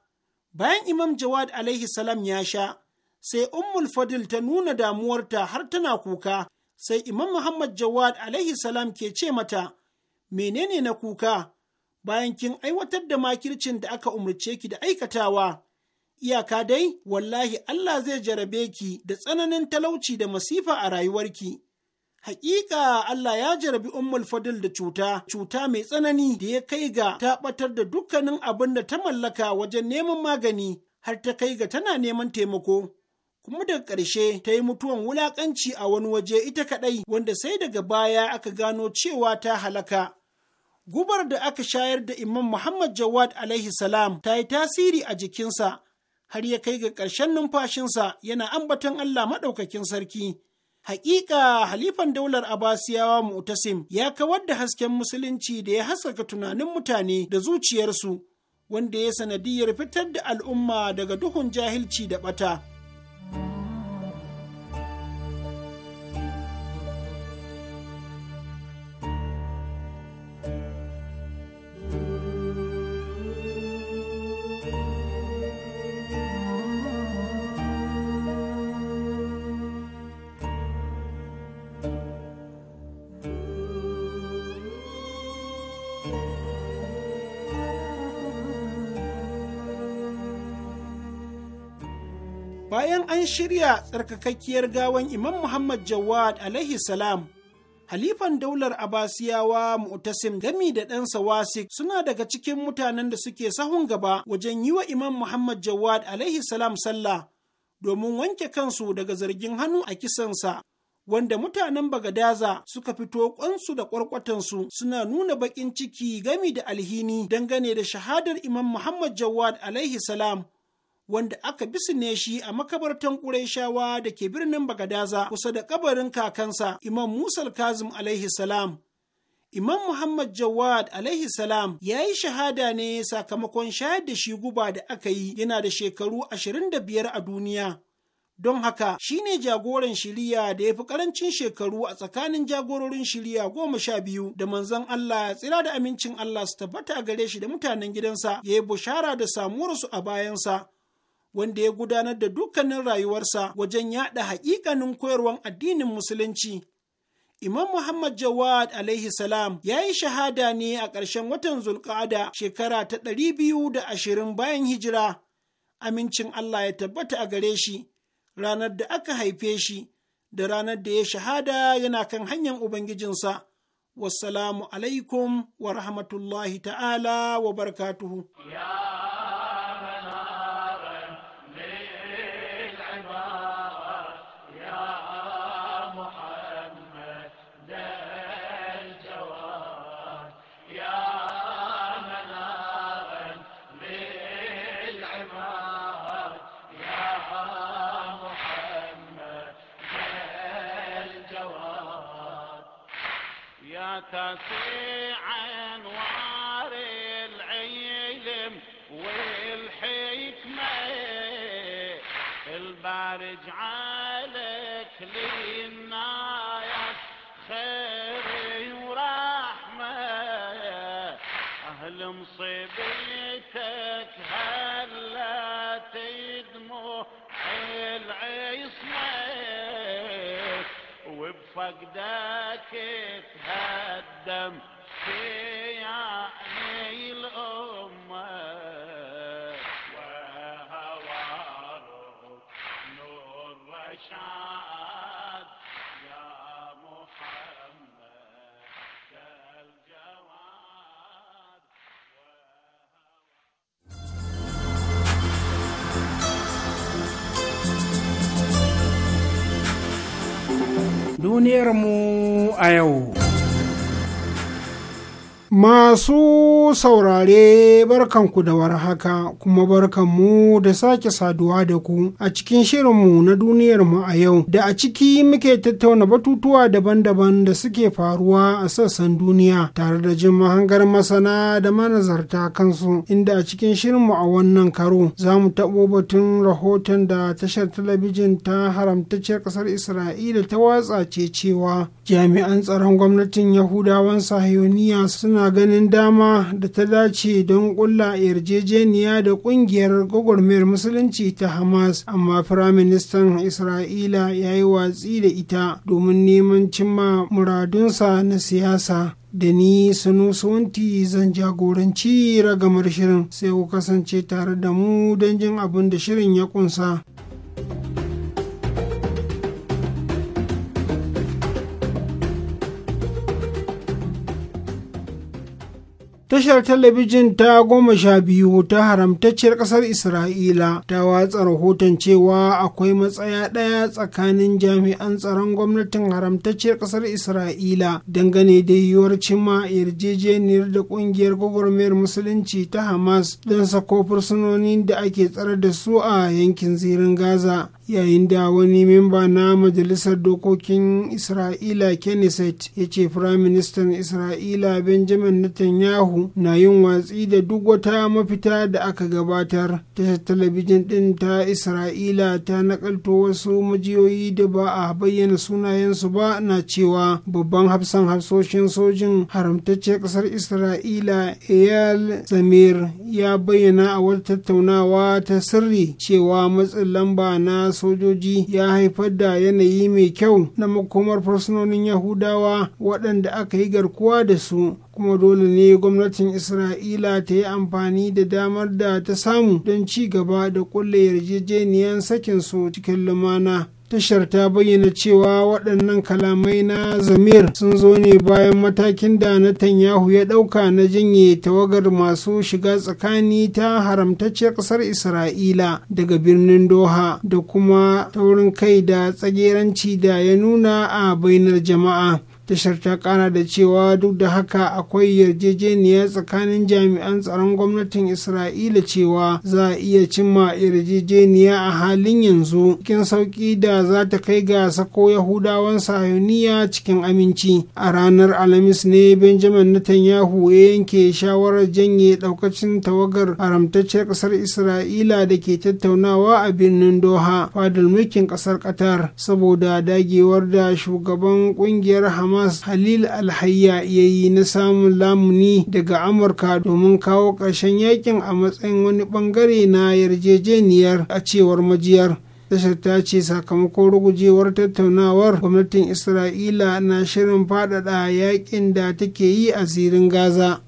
Bayan Imam Jawad alaihi salam ya sha, sai Ummul Fadil ta nuna damuwarta har tana kuka, sai Imam Muhammad Jawad alaihi salam ke ce mata, menene na kuka? Bayan kin aiwatar da makircin da aka umarce ki da aikatawa, iyaka dai wallahi Allah zai jarabe ki da tsananin talauci da masifa a rayuwarki. Hakika Allah ya jarabi Ummul Fadil da cuta, cuta mai tsanani da ya kai ga ta ɓatar da dukkanin abin da ta mallaka wajen neman magani har ta kai ga tana neman taimako. Kuma daga ƙarshe ta yi mutuwan wulaƙanci a wani waje ita kaɗai wanda sai daga baya aka gano cewa ta halaka. Gubar da aka shayar da Imam Muhammad Jawad alaihi salam ta yi tasiri a jikinsa har ya kai ga ƙarshen numfashinsa yana ambaton Allah maɗaukakin sarki. Haƙiƙa, halifan daular Abasiyawa Mu'tasim ya kawar da hasken musulunci da ya haskaka tunanin mutane da zuciyarsu, wanda ya sanadiyar fitar da al'umma daga duhun jahilci da ɓata. bayan an shirya tsarkakakkiyar gawan Imam Muhammad Jawad alaihi salam Halifan daular Abasiyawa Mu'tasim gami da ɗansa Wasik suna daga cikin mutanen da suke sahun gaba wajen yi wa Imam Muhammad Jawad alaihi salam sallah domin wanke kansu daga zargin hannu a kisansa wanda mutanen Bagadaza suka fito kwansu da kwarkwatansu suna nuna baƙin ciki gami da alhini dangane da shahadar Imam Muhammad Jawad alaihi salam wanda aka bisne shi a makabartan Qurayshawa da ke birnin Bagadaza kusa da kabarin kakansa Imam Musa Kazim alaihi salam. Imam Muhammad Jawad alaihi salam ya yi shahada ne sakamakon shayar da shi guba da aka yi yana da shekaru ashirin da biyar a duniya. Don haka shi ne jagoran shiriya da ya fi ƙarancin shekaru a tsakanin jagororin shiriya goma sha biyu da manzon Allah ya tsira da amincin Allah su tabbata gare shi da mutanen gidansa ya yi bushara da samuwarsu a bayansa. wanda ya gudanar da dukkanin rayuwarsa wajen yaɗa haƙiƙanin koyarwan addinin musulunci. Imam Muhammad Jawad alaihi salam ya yi shahada ne a ƙarshen watan Zulƙada shekara ta ɗari biyu da ashirin bayan hijira. Amincin Allah ya tabbata a gare shi, ranar da aka haife shi, da ranar da ya shahada yana kan hanyar Ubangijinsa. Wassalamu alaikum wa rahmatullahi ta'ala wa barakatuhu. تسعي انوار العلم والحكمة البارج عليك للناية خير ورحمة أهل مصيبتك هلا تدمو العصمه فقدك تهدم في عيني الأمة وهوالك نور رشاد duniyarmu a yau. Masu saurare barkanku da warhaka kuma barkanmu da sake saduwa da ku a cikin shirinmu na duniyarmu a yau da a ciki muke tattauna batutuwa daban-daban da suke faruwa a sassan duniya tare da jin mahangar masana da manazarta kansu inda a cikin shirinmu a wannan karo za mu taɓo batun rahoton da tashar talabijin ta haramtacciyar ƙasar Isra'ila ta watsa ce cewa jami'an tsaron gwamnatin Yahudawan Sahiyoniya suna ganin dama da ta dace don kulla yarjejeniya da kungiyar gwagwarmayar musulunci ta hamas amma firaministan isra'ila ya yi watsi da ita domin neman cimma muradunsa na siyasa da ni sunusunti zan jagoranci ragamar shirin sai ku kasance tare da mu don jin abin da shirin ya kunsa. tashar talabijin ta goma sha biyu ta haramtacciyar ƙasar isra'ila ta watsa rahoton cewa akwai matsaya ɗaya tsakanin jami'an tsaron gwamnatin haramtacciyar ƙasar isra'ila dangane da yiwuwar cimma yarjejeniyar da ƙungiyar gwagwarmayar musulunci ta hamas don sako fursunonin da ake tsare da su a yankin zirin gaza yayin da wani memba na majalisar dokokin isra'ila kenneset ya ce firaministan isra'ila benjamin netanyahu na yin watsi da duk wata mafita da aka gabatar tashar talabijin ɗin ta isra'ila ta nakalto wasu majiyoyi da ba a bayyana sunayensu ba na cewa babban hafsan hafsoshin sojin haramtacce ƙasar isra'ila eyal zamir ya bayyana a wata tattaunawa ta sirri cewa matsin lamba na sojoji ya haifar da yanayi mai kyau na makomar fursunonin yahudawa waɗanda aka yi garkuwa da su kuma dole ne gwamnatin isra'ila ta yi amfani da damar da ta samu don ci gaba da kulle yarjejeniyar su cikin lumana tashar ta bayyana cewa waɗannan kalamai na zamir sun zo ne bayan matakin da Netanyahu ya ɗauka na jinye tawagar masu shiga tsakani ta haramtacciyar ƙasar Isra'ila daga birnin Doha da kuma taurin kai da tsageranci da ya nuna a bainar jama'a. tashar ta kana da cewa duk da haka akwai yarjejeniya tsakanin jami'an tsaron gwamnatin isra'ila cewa za a iya cimma yarjejeniya a halin yanzu cikin sauki da za ta kai ga sako yahudawan sahuniya cikin aminci a ranar alhamis ne benjamin netanyahu ya yanke shawarar janye ɗaukacin tawagar haramtacciyar ƙasar isra'ila da ke tattaunawa a birnin doha fadar mulkin ƙasar qatar saboda dagewar da shugaban ƙungiyar hamas hamas halil alhayya ya yi na samun lamuni daga amurka domin kawo ƙarshen yakin a matsayin wani ɓangare na yarjejeniyar a cewar majiyar tashar ta ce sakamakon rugujewar tattaunawar gwamnatin isra'ila na shirin faɗaɗa yakin da take yi a zirin gaza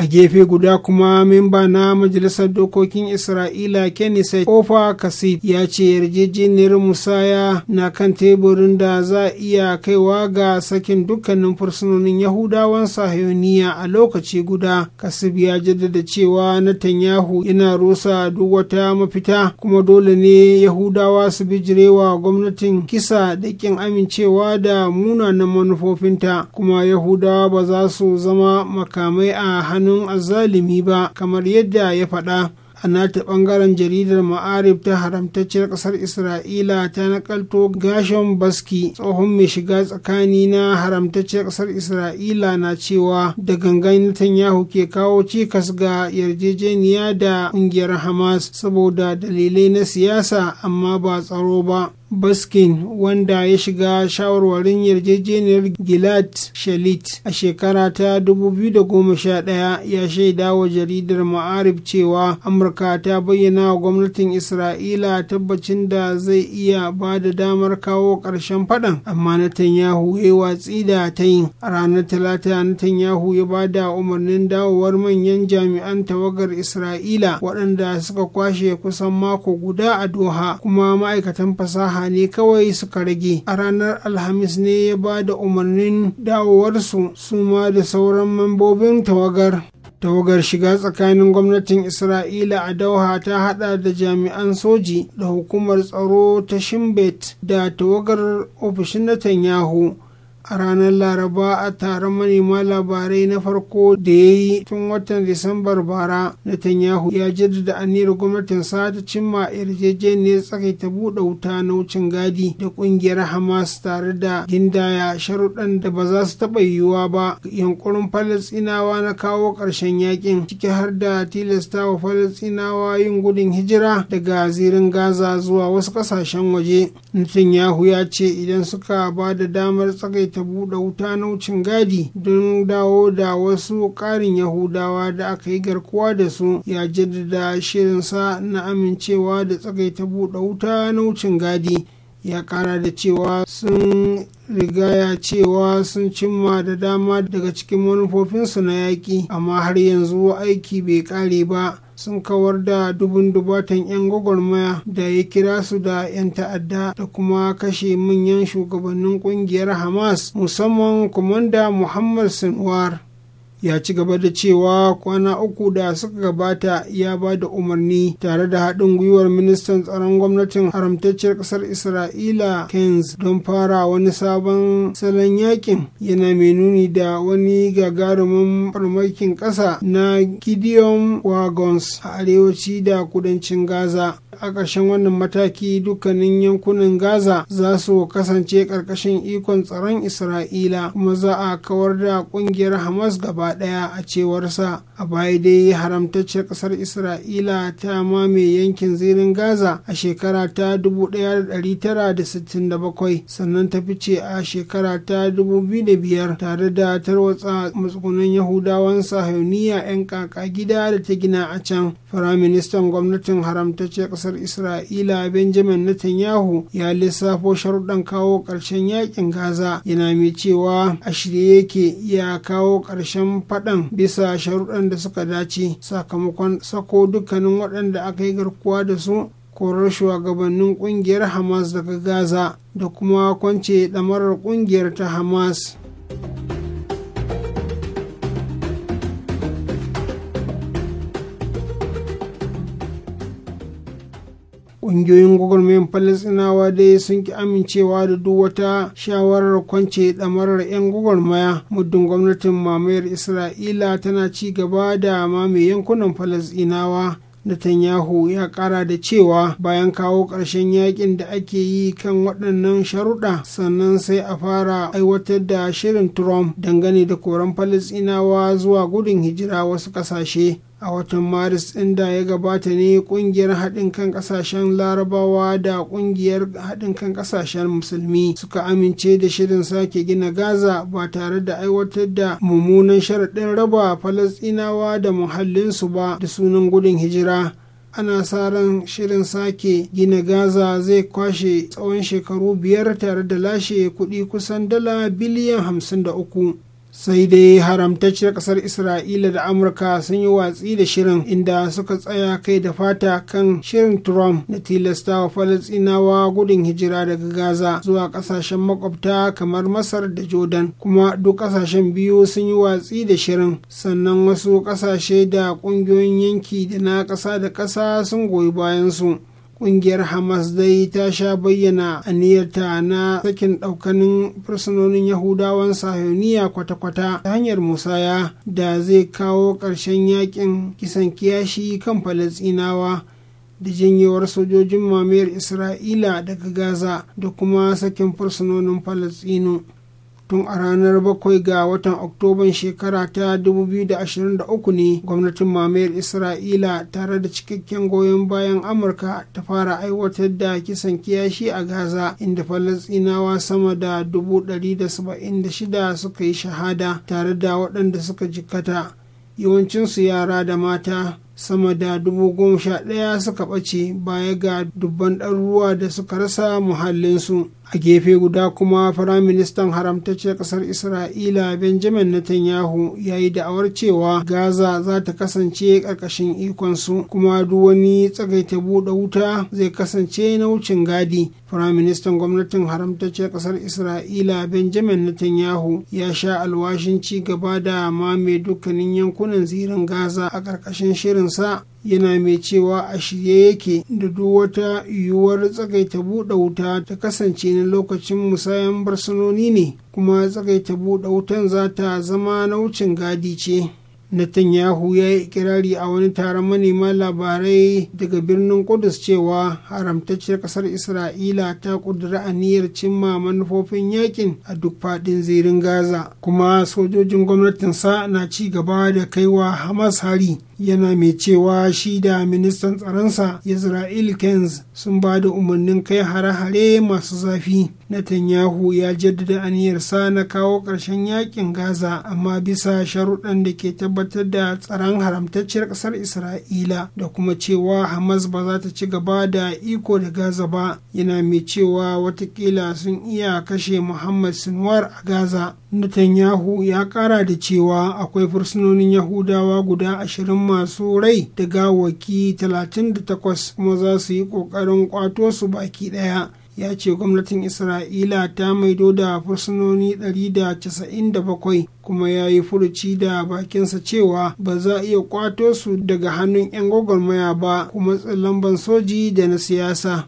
a gefe guda kuma memba na majalisar dokokin isra'ila kenisa ofa kasif ya ce yarjejeniyar musaya na kan teburin da za a iya kaiwa ga sakin dukkanin fursunonin yahudawan sahiyoniya a lokaci guda kasif ya jaddada cewa netanyahu yana rusa duk wata mafita kuma dole ne yahudawa su bijirewa gwamnatin kisa da kin amincewa da munanan manufofinta kuma yahudawa ba za su zama makamai a hannun hannun azzalimi ba kamar yadda ya faɗa a nata ɓangaren jaridar ma'arif ta haramtacciyar ƙasar isra'ila ta nakalto gashon baski tsohon mai shiga tsakani na haramtacciyar ƙasar isra'ila na cewa da gangan netanyahu ke kawo cikas ga yarjejeniya da ƙungiyar hamas saboda dalilai na siyasa amma ba tsaro ba baskin wanda ya shiga shawarwarin yarjejeniyar gilad shalit a shekara ta 2011 ya shaida wa jaridar ma'arib cewa amurka ta bayyana wa gwamnatin isra'ila tabbacin da zai iya ba da damar kawo ƙarshen faɗan amma netanyahu ya watsi da ta yin ranar talata netanyahu ya ba da umarnin dawowar manyan jami'an tawagar isra'ila waɗanda suka kwashe kusan mako guda a doha kuma ma'aikatan fasaha mutane kawai suka rage a ranar alhamis ne ya ba da umarnin dawowarsu su ma da sauran mambobin tawagar tawagar shiga tsakanin gwamnatin isra'ila a dauha ta hada da jami'an soji da hukumar tsaro ta shimbet da tawagar ofishin natanyahu. a ranar laraba a taron manema labarai na farko da ya yi tun watan disambar bara netanyahu ya jaddada aniyar sa ta cimma yarjejeniyar ta buɗe wuta na wucin gadi da ƙungiyar hamas tare da gindaya sharuɗan da ba za su taɓa yiwuwa ba yankurin falastinawa na kawo ƙarshen yakin ciki har da tilasta wa falastinawa yin gudun hijira daga zirin gaza zuwa wasu ƙasashen waje Yahu ya ce idan suka ba da damar tsagaita buɗe wuta na wucin gadi don dawo da wasu ƙarin Yahudawa da aka yi garkuwa da su ya jaddada shirinsa na amincewa da tsagaita buɗe wuta na wucin gadi. ya ƙara da cewa sun rigaya cewa sun cimma da dama daga cikin manufofinsu na yaƙi amma har yanzu aiki bai ƙare ba sun kawar da dubun dubatan 'yan gwagwarmaya da ya kira su da 'yan ta'adda da kuma kashe manyan shugabannin kungiyar hamas musamman kwamanda muhammad sinwar ya ci gaba da cewa kwana uku da suka gabata ya ba da umarni tare da haɗin gwiwar ministan tsaron gwamnatin haramtacciyar ƙasar isra'ila kens don fara wani sabon salon yakin yana mai nuni da wani gagarumin farmakin ƙasa na gideon wagons a arewaci da kudancin gaza a ƙarshen wannan mataki dukkanin yankunan gaza za su kasance ƙarƙashin ikon tsaron isra'ila kuma za a kawar da ƙungiyar hamas gaba ɗaya a cewarsa a baya dai haramtacciyar ƙasar isra'ila ta mame yankin zirin gaza a shekara ta 1967 sannan ta fice a shekara ta 2005 tare da tarwatsa matsugunan yahudawan sahiyoniya 'yan kaka gida da ta gina a can firaministan gwamnatin haramtacciyar ƙasar isra'ila benjamin netanyahu ya lissafo sharuɗan kawo ƙarshen yakin gaza yana mai cewa a shirye yake ya kawo ƙarshen faɗan bisa sharuɗan da suka dace sakamakon sako dukkanin waɗanda aka yi garkuwa da su korar shugabannin ƙungiyar hamas daga gaza da kuma kwance ɗamarar ƙungiyar ta hamas ƙungiyoyin gwagwarmayin falasinawa dai sun ki amincewa da duk wata shawarar kwance ɗamarar 'yan gwagwarmaya muddin gwamnatin mamayar isra'ila tana ci gaba da mamaye yankunan falasinawa Netanyahu ya kara da cewa bayan kawo ƙarshen yakin da ake yi kan waɗannan sharuɗa sannan sai a fara aiwatar da shirin Trump dangane da koran Falasɗinawa zuwa gudun hijira wasu ƙasashe. a watan maris inda ya gabata ne ƙungiyar haɗin kan ƙasashen larabawa da ƙungiyar haɗin kan ƙasashen musulmi suka amince da shirin sake gina gaza ba tare da aiwatar da mummunan sharaɗin raba falasɗinawa da muhallinsu ba da sunan gudun hijira ana sa ran shirin sake gina gaza zai kwashe tsawon shekaru biyar tare da lashe kuɗi kusan dala biliyan hamsin da uku sai dai haramtacciyar kasar isra'ila da amurka sun yi watsi da shirin inda suka tsaya kai da fata kan shirin trump na tilasta wa falastinawa gudun hijira daga gaza zuwa kasashen makwabta kamar masar da jordan kuma duk kasashen biyu sun yi watsi da shirin sannan wasu kasashe da kungiyoyin yanki da na kasa da kasa sun goyi bayan su kungiyar hamas dai ta sha bayyana aniyarta na sakin daukanin fursunonin yahudawan sahiyoniya kwata-kwata ta hanyar musaya da zai kawo ƙarshen yakin kisan kiyashi kan falasinawa da janyewar sojojin mamayar isra'ila daga gaza da kuma sakin fursunonin falasinu tun a ranar bakwai ga watan oktoban shekara ta 2023 ne gwamnatin mamayar isra'ila tare da cikakken goyon bayan amurka ta fara aiwatar da kisan kiyashi a gaza inda falasinawa sama da 176 suka yi shahada tare da waɗanda suka jikkata yawancinsu yara da mata sama da dubu goma sha ɗaya suka ɓace baya ga dubban ɗaruruwa da suka rasa muhallinsu a gefe guda kuma firaministan haramtacciyar kasar isra'ila benjamin netanyahu ya yi da'awar cewa gaza za ta kasance ƙarƙashin ikonsu kuma duk wani tsagaita buɗe wuta zai kasance na wucin gadi firaministan gwamnatin haramtacciyar kasar isra'ila benjamin netanyahu ya sha alwashin ci gaba da mame dukkanin yankunan zirin gaza a ƙarƙashin shirinsa yana mai cewa a shirye yake da duk wata yiwuwar tsagaita buɗe wuta ta kasance na lokacin musayan barsanoni ne kuma tsagaita buɗe wutan za ta zama na wucin gadi ce Netanyahu ya yi ikirari a wani taron manema labarai daga birnin Kudus cewa haramtacciyar ƙasar Isra'ila ta ƙudura aniyar cimma manufofin yakin a duk faɗin zirin Gaza, kuma sojojin gwamnatinsa na ci gaba da kaiwa Hamas hari yana mai cewa shi da ministan tsaronsa Israel Kenz sun ba da umarnin kai hare-hare masu zafi. Netanyahu ya jaddada aniyarsa na kawo ƙarshen yakin Gaza amma bisa sharuɗan da ke tabbatar da tsaron haramtacciyar ƙasar Isra'ila da kuma cewa Hamas ba za ta ci gaba da iko da Gaza ba yana mai cewa watakila sun iya kashe Muhammad Sinwar a Gaza. Netanyahu ya ƙara da cewa akwai fursunonin Yahudawa guda ashirin masu rai da gawaki 38 kuma za su yi ƙoƙarin ƙwato su baki ɗaya ya ce gwamnatin isra'ila ta maido da fursunoni 197 kuma ya yi furuci da bakinsa cewa ba za a iya ƙwato su daga hannun 'yan gwagwarmaya ba kuma lamban soji da na siyasa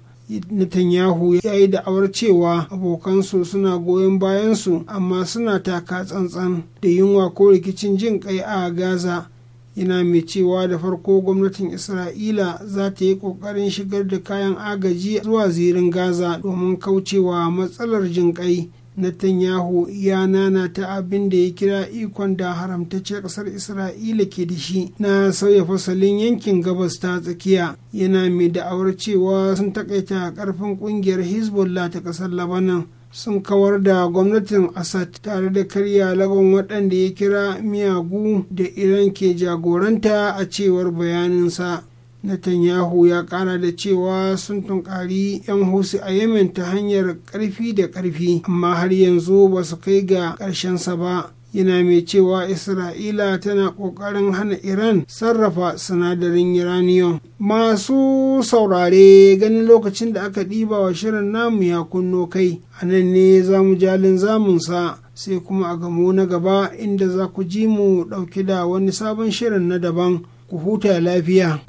Netanyahu ya yi da'awar cewa abokansu suna goyon bayansu amma suna taka tsantsan da yunwa ko rikicin jin kai a Gaza yana mai cewa da farko gwamnatin isra'ila za ta yi kokarin shigar da kayan agaji zuwa zirin gaza domin kaucewa matsalar jinƙai Netanyahu ya ta abin da ya kira ikon da haramtacce ƙasar Isra'ila ke da shi na sauya fasalin yankin gabas ta tsakiya yana mai da'awar cewa sun takaita ƙarfin ƙungiyar Hezbollah ta ƙasar Labanan. sun kawar da gwamnatin assad tare da karya lagon waɗanda ya kira miyagu da iran ke jagoranta a cewar bayaninsa netanyahu ya kara da cewa sun tunkari 'yan husi a yemen ta hanyar ƙarfi da ƙarfi amma har yanzu ba su kai ga ƙarshensa ba yana mai cewa isra'ila tana ƙoƙarin hana iran sarrafa sinadarin uranium masu saurare ganin lokacin da aka ɗiba wa shirin namu ya kunno kai a nan ne za mu jalin zamunsa sai kuma a gamo na gaba inda za ku ji mu ɗauki da wani sabon shirin na daban ku huta lafiya.